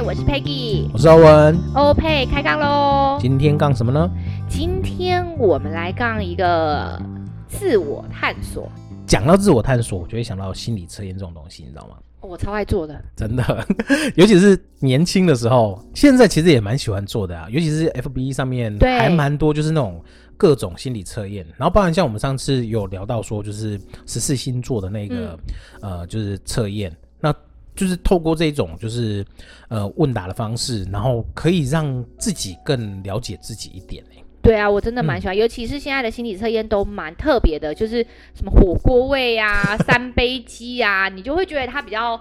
我是 Peggy，我是歐文，歐佩開槓嘍！今天槓什麼呢？今天我們來槓一個自我探索。講到自我探索，我就會想到心理測驗這種東西，你知道嗎？我超愛做的，真的，呵呵，尤其是年輕的時候，現在其實也蠻喜歡做的啊。尤其是 FB 上面還蠻多，就是那種各種心理測驗。然後，包含像我們上次有聊到說，就是十四星座的那個、嗯、呃，就是測驗。就是透過這種就是，呃，問答的方式，然後可以讓自己更了解自己一點欸。對啊，我真的蠻喜歡、嗯，尤其是現在的心理測驗都蠻特別的，就是什麼火鍋味啊、 三杯雞啊，你就會覺得它比較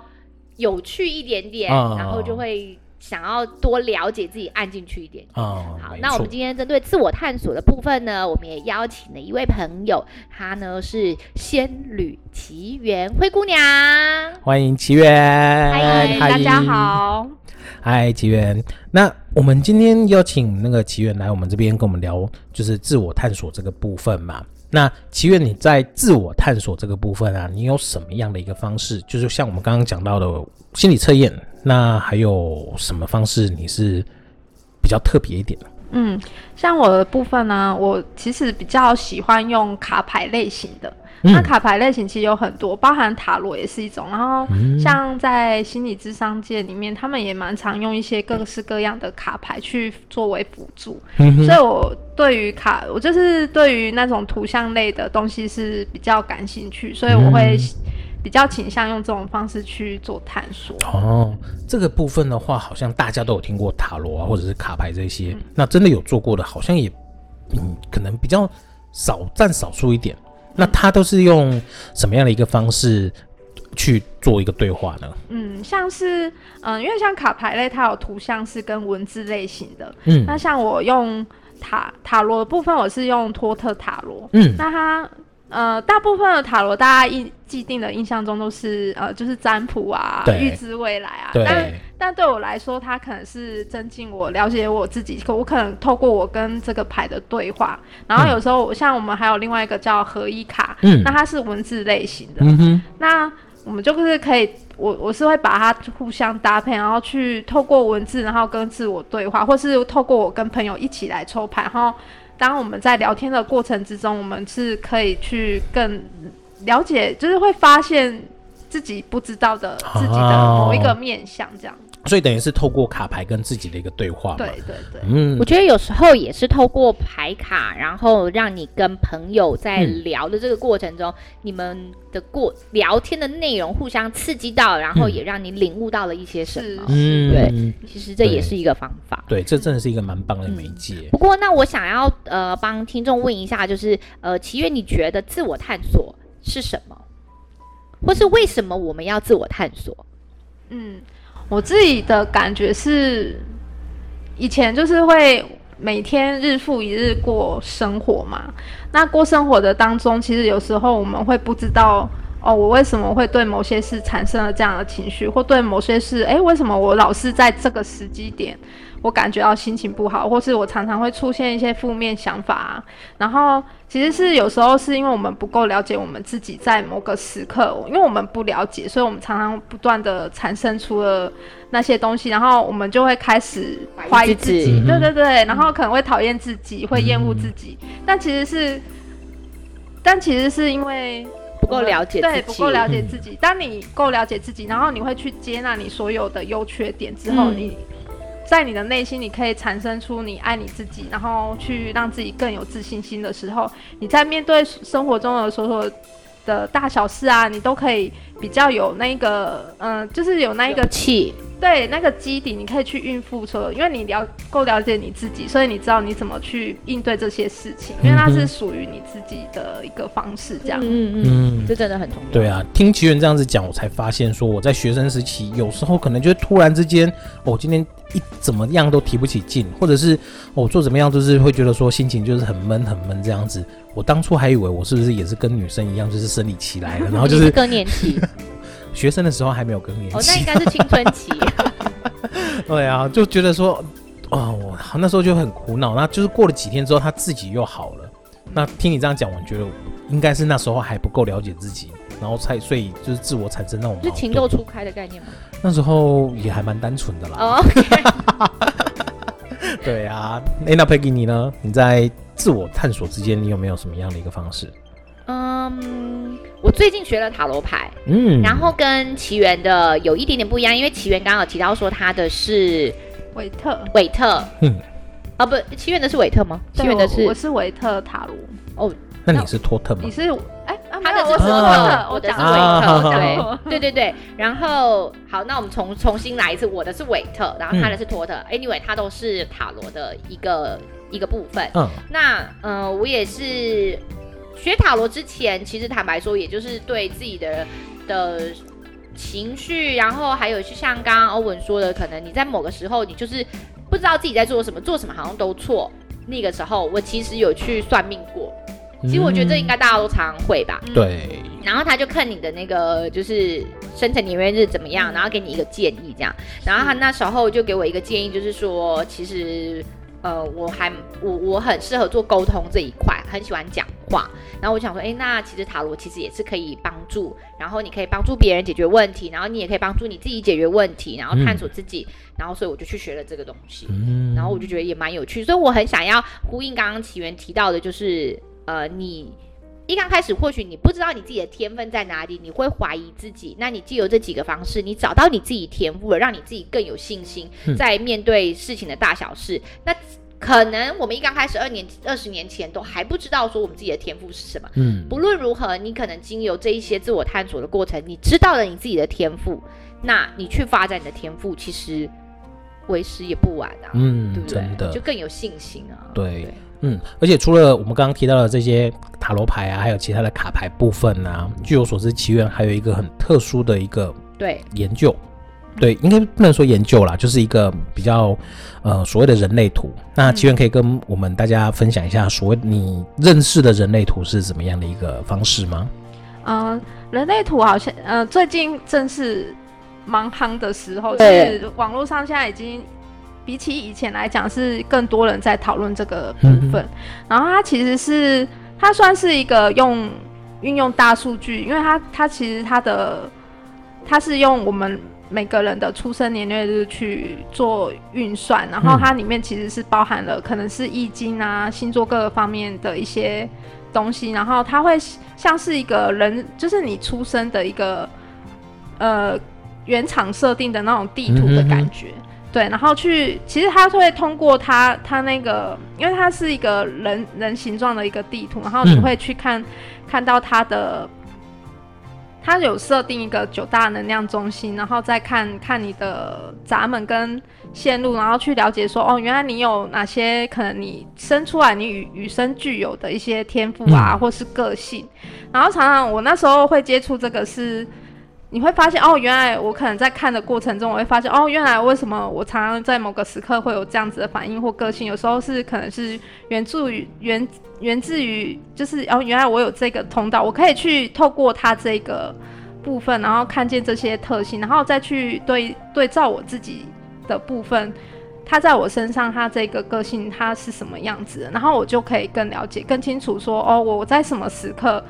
有趣一點點， 然後就會。Oh. 想要多了解自己，按進去一點。哦、嗯，好。那我們今天針對自我探索的部分呢，我們也邀請了一位朋友，他呢是《仙女奇緣》灰姑娘，歡迎奇緣。嗨，大家好。嗨，奇緣。那我們今天邀請那個奇緣來我們這邊跟我們聊，就是自我探索這個部分嘛。那奇緣，你在自我探索這個部分啊，你有什麼樣的一個方式？就是像我們剛剛講到的心理測驗，那還有什麼方式你是比較特別一點的？嗯，像我的部分呢、啊，我其實比較喜歡用卡牌類型的。那、嗯、卡牌類型其實有很多，包含塔羅也是一種。然後像在心理智商界裡面，嗯、他們也蠻常用一些各式各樣的卡牌去作為輔助、嗯。所以我對於卡，我就是對於那種圖像類的東西是比較感興趣，所以我會。比較傾向用這種方式去做探索哦。這個部分的話，好像大家都有聽過塔羅啊，或者是卡牌這些。嗯。那真的有做過的，好像也，嗯，可能比較少佔少數一點。嗯。那他都是用什麼樣的一個方式去做一個對話呢？嗯，像是，嗯，因為像卡牌類，它有圖像是跟文字類型的。嗯，那像我用塔塔羅的部分，我是用托特塔羅。嗯，那他。呃，大部分的塔羅，大家印既定的印象中都是呃，就是占卜啊，預知未來啊。對。但但對我來說，它可能是增進我了解我自己。可我可能透過我跟這個牌的對話，然後有時候我、嗯、像我們還有另外一個叫合一卡，嗯、那它是文字類型的、嗯哼。那我們就是可以，我我是會把它互相搭配，然後去透過文字，然後跟自我對話，或是透過我跟朋友一起來抽牌，然後。當我們在聊天的過程之中，我們是可以去更了解，就是會發現。自己不知道的自己的某一個面向，這樣，oh. 所以等於是透過卡牌跟自己的一個對話。對對對，嗯，我覺得有時候也是透過牌卡，然後讓你跟朋友在聊的這個過程中，嗯、你們的過聊天的內容互相刺激到，然後也讓你領悟到了一些什麼。嗯，對，其實這也是一個方法。對，對，這真的是一個蠻棒的媒介。嗯、不過，那我想要呃幫聽眾問一下，就是呃，奇緣，你覺得自我探索是什麼？或是為什麼我們要自我探索？嗯，我自己的感覺是，以前就是會每天日復一日過生活嘛。那過生活的當中，其實有時候我們會不知道哦，我為什麼會對某些事產生了這樣的情緒，或對某些事，誒，為什麼我老是在這個時機點，我感覺到心情不好，或是我常常會出現一些負面想法啊。然後其實是有時候是因為我們不夠了解我們自己，在某個時刻，因為我們不了解，所以我們常常不斷的產生出了那些東西，然後我們就會開始懷疑自己，自己對對對、嗯，然後可能會討厭自己，會厭惡自己。嗯、但其實是，但其實是因為不夠了解自己，對，不夠了解自己。當、嗯、你夠了解自己，然後你會去接納你所有的優缺點之後，你。嗯在你的內心，你可以產生出你愛你自己，然後去讓自己更有自信心的時候，你在面對生活中的所有的大小事啊，你都可以比較有那個，嗯，就是有那一個氣。對那個基底，你可以去孕婦車，因為你了夠了解你自己，所以你知道你怎麼去應對這些事情，嗯、因為它是屬於你自己的一個方式，這樣，嗯嗯，這真的很重要。對啊，聽奇緣這樣子講，我才發現說我在學生時期，有時候可能就突然之間，哦、喔，今天一怎麼樣都提不起勁，或者是我、喔、做怎麼樣就是會覺得說心情就是很悶很悶這樣子。我當初還以為我是不是也是跟女生一樣，就是生理期來了， 然後就是更年期。 學生的時候還沒有更年期，哦，那應該是青春期啊。 對啊，就覺得說，哦，那時候就很苦惱。那就是過了幾天之後，他自己又好了。那聽你這樣講，我覺得我應該是那時候還不夠了解自己，然後才所以就是自我產生那種，就是情竇初開的概念嘛。那時候也還蠻單純的啦。Oh, okay. 對啊，欸、那那 Peggy 你呢？你在自我探索之間，你有沒有什麼樣的一個方式？嗯、um, 我最近學了塔羅牌，嗯，然後跟奇緣的有一點點不一樣，因為奇緣剛剛有提到說他的是韋特，韋特，嗯，啊，不，奇緣的是韋特嗎？奇緣的是我，我是韋特塔羅，哦那，那你是托特嗎？你是哎、欸啊、他的就是、啊、是托特，我的是韋、啊啊特、啊、特，對對對對， 然後好，那我們重重新來一次，我的是韋特，然後他的、嗯、是托特，a n y、Anyway, w a y 他都是塔羅的一個一個部分，嗯，那嗯、呃，我也是。學塔羅之前，其實坦白說，也就是對自己的的情緒，然後還有就像剛剛歐文說的，可能你在某個時候，你就是不知道自己在做什麼，做什麼好像都錯。那個時候，我其實有去算命過，其實我覺得這應該大家都常常會吧，嗯。對。然後他就看你的那個就是生辰年月日怎麼樣，嗯，然後給你一個建議這樣。然後他那時候就給我一個建議，就是說其實。呃，我還我我很適合做溝通這一塊，很喜歡講話。然後我想說，誒、欸，那其實塔羅其實也是可以幫助，然後你可以幫助別人解決問題，然後你也可以幫助你自己解決問題，然後探索自己。嗯、然後所以我就去學了這個東西，嗯、然後我就覺得也蠻有趣。所以我很想要呼應剛剛奇緣提到的，就是呃你。一剛開始，或許你不知道你自己的天分在哪裡，你會懷疑自己。那你借由這幾個方式，你找到你自己天賦了，讓你自己更有信心，在面對事情的大小事。嗯，那可能我們一剛開始，二年、二十年前都還不知道說我們自己的天賦是什麼。嗯，不論如何，你可能經由這一些自我探索的過程，你知道了你自己的天賦，那你去發展你的天賦，其實為時也不晚啊。嗯，對不對？真的，就更有信心啊。對。對嗯，而且除了我們剛剛提到的這些塔羅牌啊，還有其他的卡牌部分啊，據我所知，奇緣還有一個很特殊的一個對研究，對，對應該不能說研究啦，就是一個比較呃所謂的人類圖。那奇緣可以跟我們大家分享一下，嗯、所謂你認識的人類圖是怎麼樣的一個方式嗎？嗯、呃，人類圖好像呃最近正是蠻夯的時候，是網絡上現在已經。比起以前來講，是更多人在討論這個部分。嗯、然後它其實是它算是一個用運用大數據，因為它它其實它的它是用我們每個人的出生年月日去做運算，然後它裡面其實是包含了可能是易經啊、星座各個方面的一些東西。然後它會像是一個人，就是你出生的一個呃原廠設定的那種地圖的感覺。嗯對，然後去，其實他是會通過他他那個，因為他是一個人人形狀的一個地圖，然後你會去看，嗯、看到他的，他有設定一個九大能量中心，然後再看看你的閘門跟線路，然後去了解說哦，原來你有哪些可能你生出來你與與生俱有的一些天賦啊、嗯，或是個性，然後常常我那時候會接觸這個是。你會發現哦，原來我可能在看的過程中，我會發現哦，原來為什麼我常常在某個時刻會有這樣子的反應或個性？有時候是可能是源自於源源自於就是哦，原來我有這個通道，我可以去透過它這個部分，然後看見這些特性，然後再去對對照我自己的部分，它在我身上，它這個個性它是什麼樣子的，然後我就可以更了解、更清楚說哦，我在什麼時刻。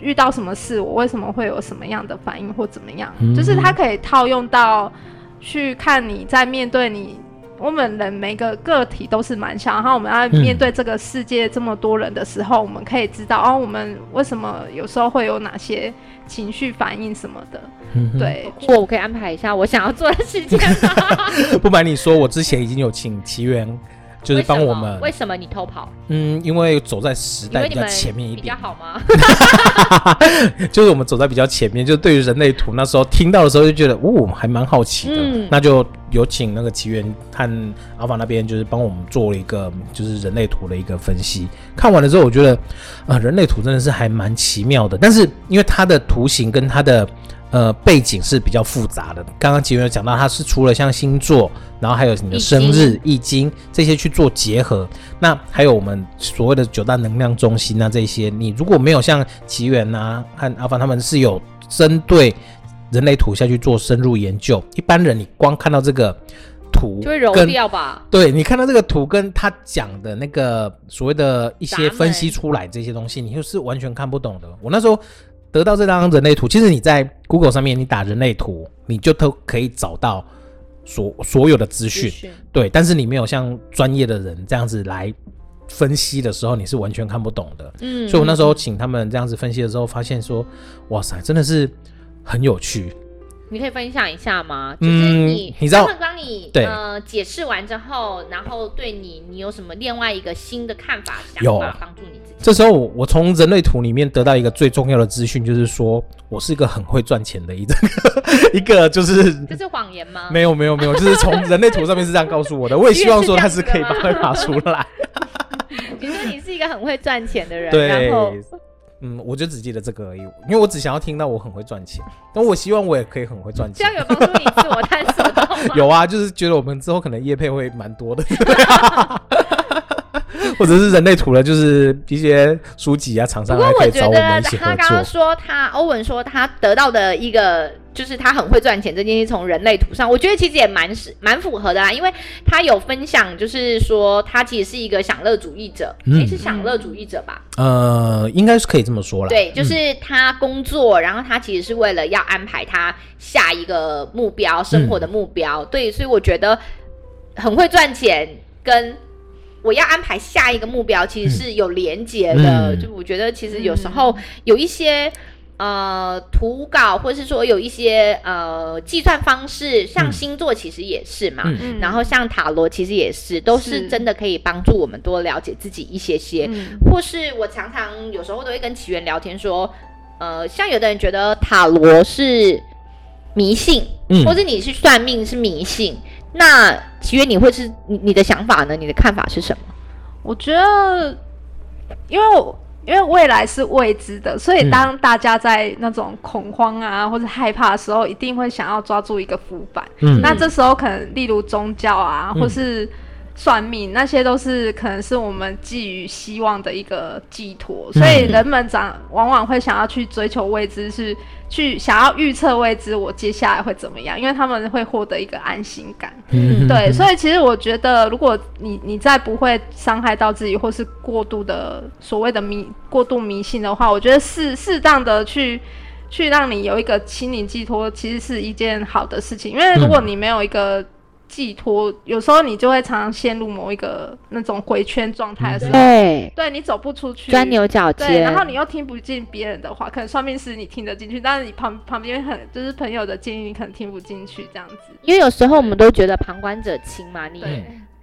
遇到什麼事，我為什麼會有什麼樣的反應或怎麼樣、嗯？就是它可以套用到去看你在面對你，我們人每個個體都是蠻小。然後我們要面對這個世界這麼多人的時候，嗯、我們可以知道哦，我們為什麼有時候會有哪些情緒反應什麼的。嗯、對，或我可以安排一下我想要做的事情 不瞞你說，我之前已經有請奇緣。就是幫我們為什麼？為什麼你偷跑？嗯，因為走在時代比較前面一點比較好嗎？ 就是我們走在比較前面，就對於人類圖那時候聽到的時候就覺得，哦，還蠻好奇的、嗯。那就有請那個奇緣和阿法那邊，就是幫我們做了一個就是人類圖的一個分析。看完了之後，我覺得啊、呃，人類圖真的是還蠻奇妙的，但是因為它的圖形跟它的。呃，背景是比較複雜的。剛剛奇緣講到，它是除了像星座，然後還有你的生日、易經，易經這些去做結合，那還有我們所謂的九大能量中心啊，這些你如果沒有像奇緣啊和阿凡他們是有針對人類圖下去做深入研究，一般人你光看到這個圖，就會揉掉吧？對，你看到這個圖跟他講的那個所謂的一些分析出來這些東西，你就是完全看不懂的。我那時候。得到這張人類圖，其實你在 Google 上面，你打人類圖，你就都可以找到所所有的資訊。對，但是你沒有像專業的人這樣子來分析的時候，你是完全看不懂的。嗯，所以我那時候請他們這樣子分析的時候，發現說，哇塞，真的是很有趣。你可以分享一下嗎？就是你，、嗯、你知道他們幫你呃解釋完之後，然後對你，你有什麼另外一個新的看法？有想法幫助你自己。這時候我從人類圖裡面得到一個最重要的資訊，就是說我是一個很會賺錢的一個 一個，就是，這是謊言嗎？沒有沒有沒有，就是從人類圖上面是這樣告訴我的。 我也希望說他是可以把它拿出來。你 說你是一個很會賺錢的人，對，然後。嗯，我就只記得這個而已，因為我只想要聽到我很會賺錢。但我希望我也可以很會賺錢。這樣有幫助你自我探索？ 有啊，就是覺得我們之後可能業配會蠻多的。對啊。 或者是人類圖了，就是一些書籍啊，廠 商還可以找我們一起合作。不過我覺得他剛剛說他歐文說他得到的一個，就是他很會賺錢，這件事從人類圖上，我覺得其實也蠻是蠻符合的啦，因為他有分享，就是說他其實是一個享樂主義者，其、嗯、實、欸、享樂主義者吧？嗯、呃，應該是可以這麼說了。對，就是他工作、嗯，然後他其實是為了要安排他下一個目標，生活的目標。嗯、對，所以我覺得很會賺錢跟。我要安排下一個目標，其實是有連結的。嗯、就我覺得，其實有時候有一些、嗯、呃圖稿，或是說有一些呃計算方式，像星座其實也是嘛。嗯、然後像塔羅其實也是，都是真的可以幫助我們多了解自己一些些、嗯。或是我常常有時候都會跟奇緣聊天說，呃，像有的人覺得塔羅是迷信，嗯、或者你去算命是迷信。那奇緣，你會是你你的想法呢？你的看法是什麼？我覺得，因為因為未來是未知的，所以當大家在那種恐慌啊或者害怕的時候，一定會想要抓住一個浮板，嗯。那這時候可能例如宗教啊，或是。嗯算命那些都是可能是我們寄予希望的一個寄托，所以人們長往往會想要去追求未知，是去想要預測未知，我接下來會怎麼樣？因為他們會獲得一個安心感。嗯哼嗯哼。對，所以其實我覺得，如果你你再不會傷害到自己，或是過度的所謂的迷過度迷信的話，我覺得適適當的去去讓你有一個心靈寄托，其實是一件好的事情。因為如果你沒有一個寄託，有時候你就會常常陷入某一個那種迴圈狀態的時候，對，對你走不出去，鑽牛角尖，然後你又聽不進別人的話，可能算命師你聽得進去，但是你旁旁邊很就是朋友的建議你可能聽不進去這樣子，因為有時候我們都覺得旁觀者清嘛，你。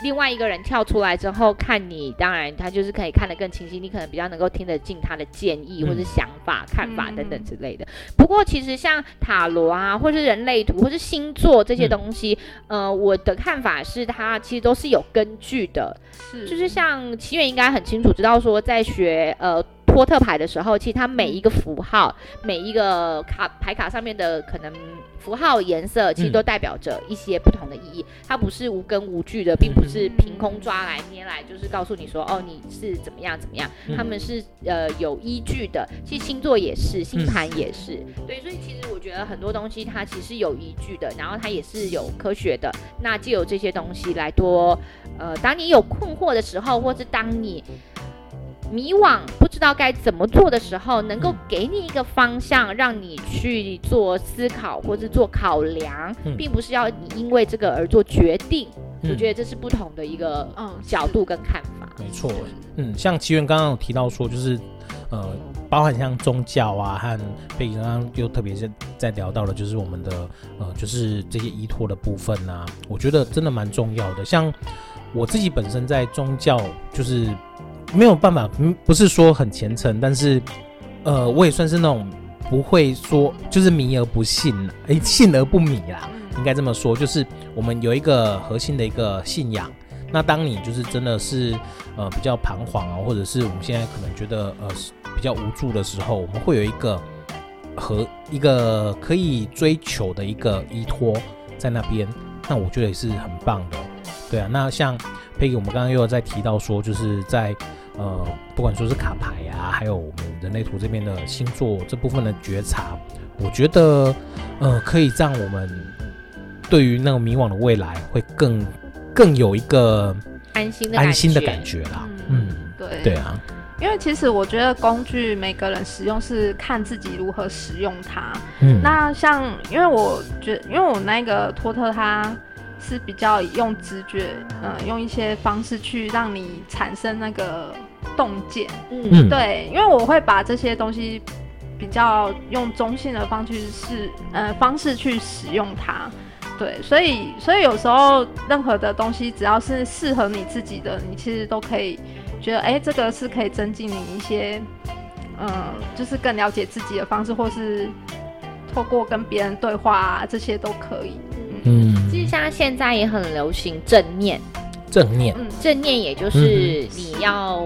另外一個人跳出來之後看你，當然他就是可以看得更清晰，你可能比較能夠聽得進他的建議、嗯、或者想法、看法等等之類的。嗯、不過其實像塔羅啊，或是人類圖，或是星座這些東西，嗯、呃，我的看法是它其實都是有根據的，是就是像奇緣應該很清楚，知道說在學呃。波特牌的時候，其實它每一個符號、每一個卡牌卡上面的可能符號顏色，其實都代表着一些不同的意義。嗯、它不是無根無據的，並不是憑空抓來捏來，就是告訴你說哦你是怎麼樣怎麼樣。他、嗯、們是呃有依據的，其實星座也是，星盤也是、嗯。對，所以其實我覺得很多東西它其實有依據的，然後它也是有科學的。那藉由這些東西來多呃，當你有困惑的時候，或是當你。迷惘，不知道該怎麼做的時候，能夠給你一個方向，讓你去做思考或是做考量，嗯，並不是要因為這個而做決定，嗯。我覺得這是不同的一個角度跟看法。嗯、沒錯，嗯，像奇緣剛剛有提到說，就是呃，包含像宗教啊，和背景剛剛又特別是在聊到了，就是我們的呃，就是這些依托的部分啊，我覺得真的蠻重要的。像我自己本身在宗教，就是。沒有辦法，嗯，不是說很虔誠，但是，呃，我也算是那種不會說就是迷而不信，誒，信而不迷啦、啊。應該這麼說，就是我們有一個核心的一個信仰。那當你就是真的是呃比較彷徨啊、哦，或者是我們現在可能覺得呃比較無助的時候，我們會有一個和一個可以追求的一個依托在那邊，那我覺得也是很棒的、哦，對啊。那像佩奇，我們剛剛又有在提到說，就是在呃，不管說是卡牌啊，還有我們人類圖這邊的星座這部分的覺察，我覺得，呃，可以讓我們對於那個迷惘的未來，會更更有一個安心的安心的感覺啦。嗯，對對啊，因為其實我覺得工具每個人使用是看自己如何使用它。嗯，那像，因為我覺得，因為我那個托特他。是比較用直覺，嗯，用一些方式去讓你產生那個洞見，嗯，對，因為我會把這些東西比較用中性的方式去是，呃，方式去使用它，對，所以，所以有時候任何的東西只要是適合你自己的，你其實都可以覺得，哎、欸，這個是可以增進你一些，嗯，就是更了解自己的方式，或是透過跟別人對話啊，這些都可以，嗯。嗯。現在也很流行正念，正念，嗯、正念也就是你要、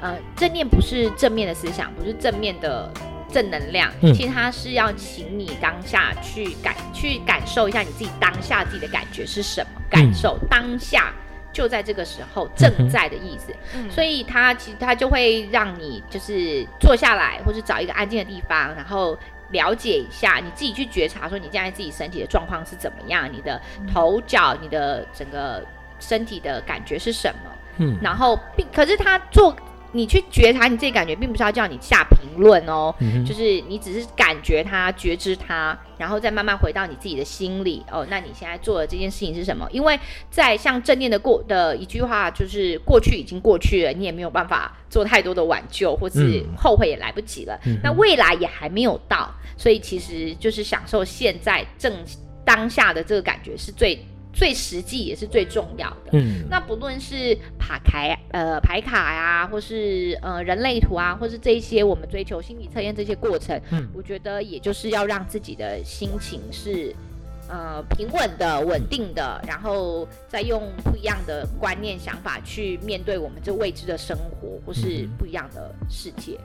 嗯，呃，正念不是正面的思想，不是正面的正能量，嗯、其實它是要請你當下去感去感受一下你自己當下自己的感覺是什麼、嗯、感受當下就在這個時候正在的意思，嗯、所以它其實它就會讓你就是坐下來，或者找一個安靜的地方，然後。了解一下，你自己去覺察，說你現在自己身體的狀況是怎麼樣，你的頭腳，你的整個身體的感覺是什麼？嗯，然後並可是他做。你去覺察你自己感覺，並不是要叫你下評論哦、嗯，就是你只是感覺它、覺知它，然後再慢慢回到你自己的心裡哦。那你現在做的這件事情是什麼？因為在像正念的過的一句話，就是過去已經過去了，你也沒有辦法做太多的挽救，或是後悔也來不及了。嗯、那未來也還沒有到，所以其實就是享受現在正當下的這個感覺是最。最實際也是最重要的。嗯、那不論是排開呃牌卡呀、啊，或是呃人類圖啊，或是這一些我們追求心理測驗這些過程、嗯，我覺得也就是要讓自己的心情是。呃，平穩的、穩定的、嗯，然後再用不一樣的觀念、想法去面對我們這未知的生活、嗯、或是不一樣的世界、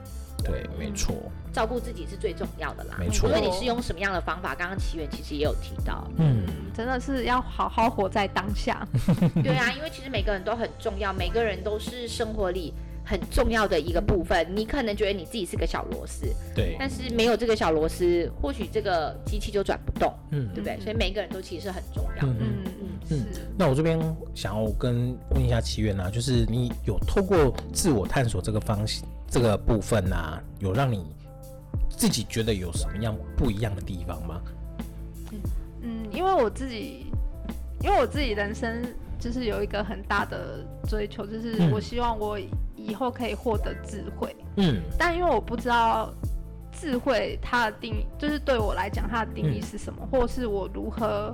嗯。對，沒錯。照顧自己是最重要的啦，沒錯、哦。因為你是用什麼樣的方法？剛剛奇緣其實也有提到嗯，嗯，真的是要好好活在當下。 對啊，因為其實每個人都很重要，每個人都是生活裡。很重要的一個部分，你可能覺得你自己是個小螺絲，對，但是沒有這個小螺絲，或許這個機器就轉不動，嗯，對不對？所以每一個人都其實是很重要，嗯嗯嗯嗯。那我這邊想要跟問一下奇緣啊，就是你有透過自我探索這個方式，這個部分啊，有讓你自己覺得有什麼樣不一樣的地方嗎？嗯嗯，因為我自己，因為我自己人生。就是有一個很大的追求，就是我希望我以後可以獲得智慧。嗯，但因為我不知道智慧它的定義，就是對我來講它的定義是什麼，嗯、或是我如何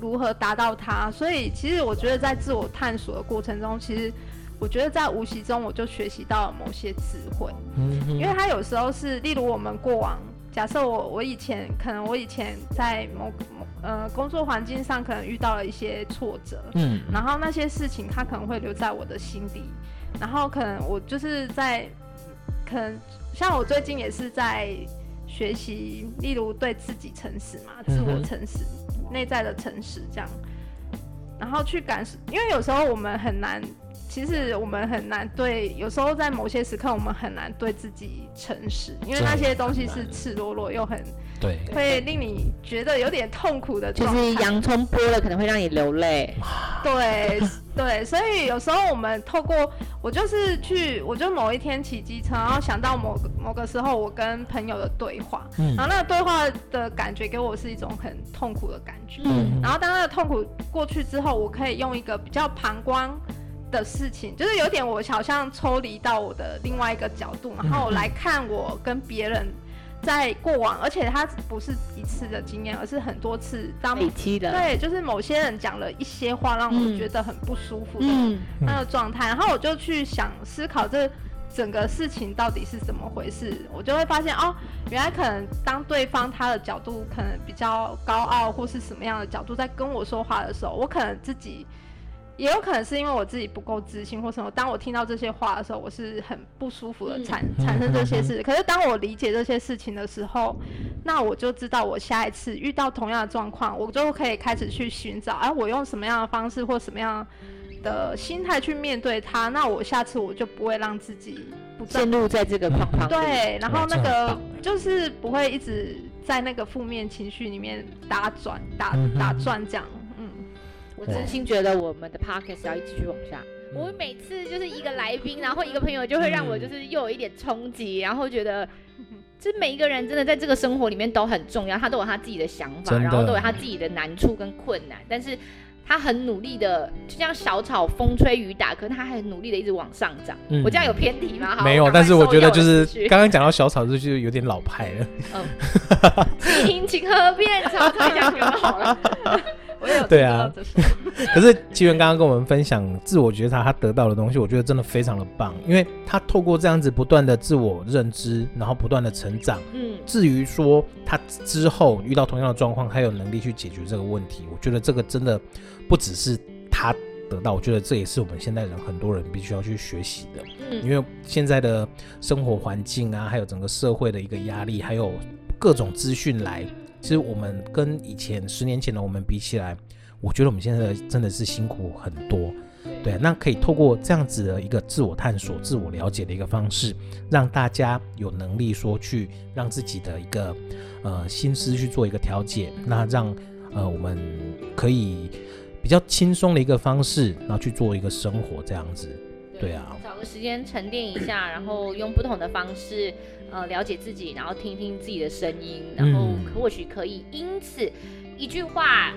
如何達到它。所以其實我覺得在自我探索的過程中，其實我覺得在無形中我就學習到了某些智慧。嗯，因為它有時候是，例如我們過往，假設我我以前可能我以前在某個。呃，工作環境上可能遇到了一些挫折，嗯，然後那些事情他可能會留在我的心底，然後可能我就是在，可能像我最近也是在學習，例如對自己誠實嘛，嗯、自我誠實，內在的誠實這樣，然後去感受，因為有時候我們很難。其實我們很難對，有時候在某些時刻，我們很難對自己誠實，因為那些東西是赤裸裸又很對，會令你覺得有點痛苦的狀態，就是洋蔥剝了可能會讓你流淚，對 對，對，所以有時候我們透過，我就是去，我就某一天騎機車，然後想到某個某個時候我跟朋友的對話，嗯，然後那個對話的感覺給我是一種很痛苦的感覺，嗯，然後當那個痛苦過去之後，我可以用一個比較旁觀的事情就是有點，我好像抽離到我的另外一個角度，然後來看我跟別人在過往、嗯，而且他不是一次的經驗，而是很多次。當累積的對，就是某些人講了一些話，讓我覺得很不舒服的，那個狀態，然後我就去想思考這整個事情到底是怎麼回事，我就會發現哦，原來可能當對方他的角度可能比較高傲或是什麼樣的角度在跟我說話的時候，我可能自己。也有可能是因為我自己不夠自信或什麼。當我聽到這些話的時候，我是很不舒服的，產、嗯、產生這些事、嗯嗯。可是當我理解這些事情的時候，那我就知道我下一次遇到同樣的狀況，我就可以開始去尋找，哎、啊，我用什麼樣的方式或什麼樣的心態去面對它，那我下次我就不會讓自己陷入在這個框框。對、嗯，然後那個就是不會一直在那個負面情緒裡面打轉打、嗯、打轉這樣。我真心覺得我們的 podcast 要一直去往下、嗯。我每次就是一個來賓，然後一個朋友就會讓我就是又有一點衝擊、嗯，然後覺得這每一個人真的在這個生活裡面都很重要，他都有他自己的想法的，然後都有他自己的難處跟困難，但是他很努力的，就像小草風吹雨打，可是他還努力的一直往上漲、嗯。我這樣有偏題嗎？沒有，但是我覺得就是剛剛講到小草，這就是有點老派了。嗯， 請請喝便茶，退 下給我好了。 對啊，可是奇緣剛剛跟我們分享自我覺察他得到的東西，我覺得真的非常的棒，因為他透過這樣子不斷的自我認知，然後不斷的成長，嗯，至於說他之後遇到同樣的狀況，他有能力去解決這個問題，我覺得這個真的不只是他得到，我覺得這也是我們現代人很多人必須要去學習的，嗯，因為現在的生活環境啊，還有整個社會的一個壓力，還有各種資訊來。其實我們跟以前十年前的我們比起來，我覺得我們現在真的是辛苦很多。對啊，那可以透過這樣子的一個自我探索、自我了解的一個方式，讓大家有能力說去讓自己的一個呃心思去做一個調節，那讓呃我們可以比較輕鬆的一個方式，然後去做一個生活這樣子。對啊，對，找個時間沉澱一下， 然後用不同的方式呃了解自己，然後聽聽自己的聲音，然後、嗯。或許可以因此，一句話，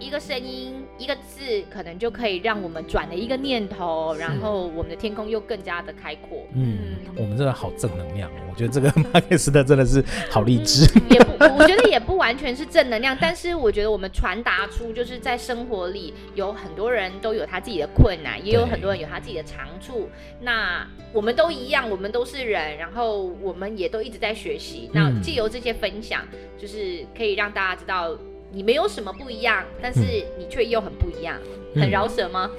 一個聲音，一個字可能就可以讓我們轉了一個念頭，然後我們的天空又更加的開闊。嗯，我們真的好正能量，我覺得這個馬克思特真的是好勵志。嗯。也不，我覺得也不完全是正能量， 但是我覺得我們傳達出就是在生活裡有很多人都有他自己的困難，也有很多人有他自己的長處。那我們都一樣，我們都是人，然後我們也都一直在學習。嗯、那借由這些分享，就是可以讓大家知道。你沒有什麼不一樣，但是你卻又很不一樣，嗯、很饒舌嗎？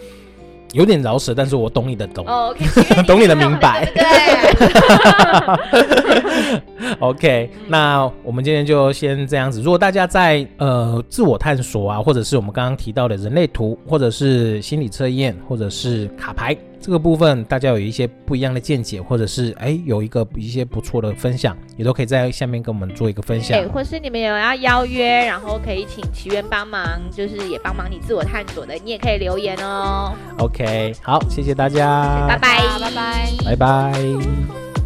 有點饒舌，但是我懂你的懂，oh, okay, 你懂，懂你的明白，對，對。 OK，那我們今天就先這樣子。如果大家在呃自我探索啊，或者是我們剛剛提到的人類圖，或者是心理測驗，或者是卡牌。這個部分大家有一些不一樣的見解，或者是誒有一個一些不錯的分享，也都可以在下面跟我們做一個分享。誒，或是你們有要邀約，然後可以請奇緣幫忙，就是也幫忙你自我探索的，你也可以留言哦。OK，好，謝謝大家，拜拜，拜拜，拜拜。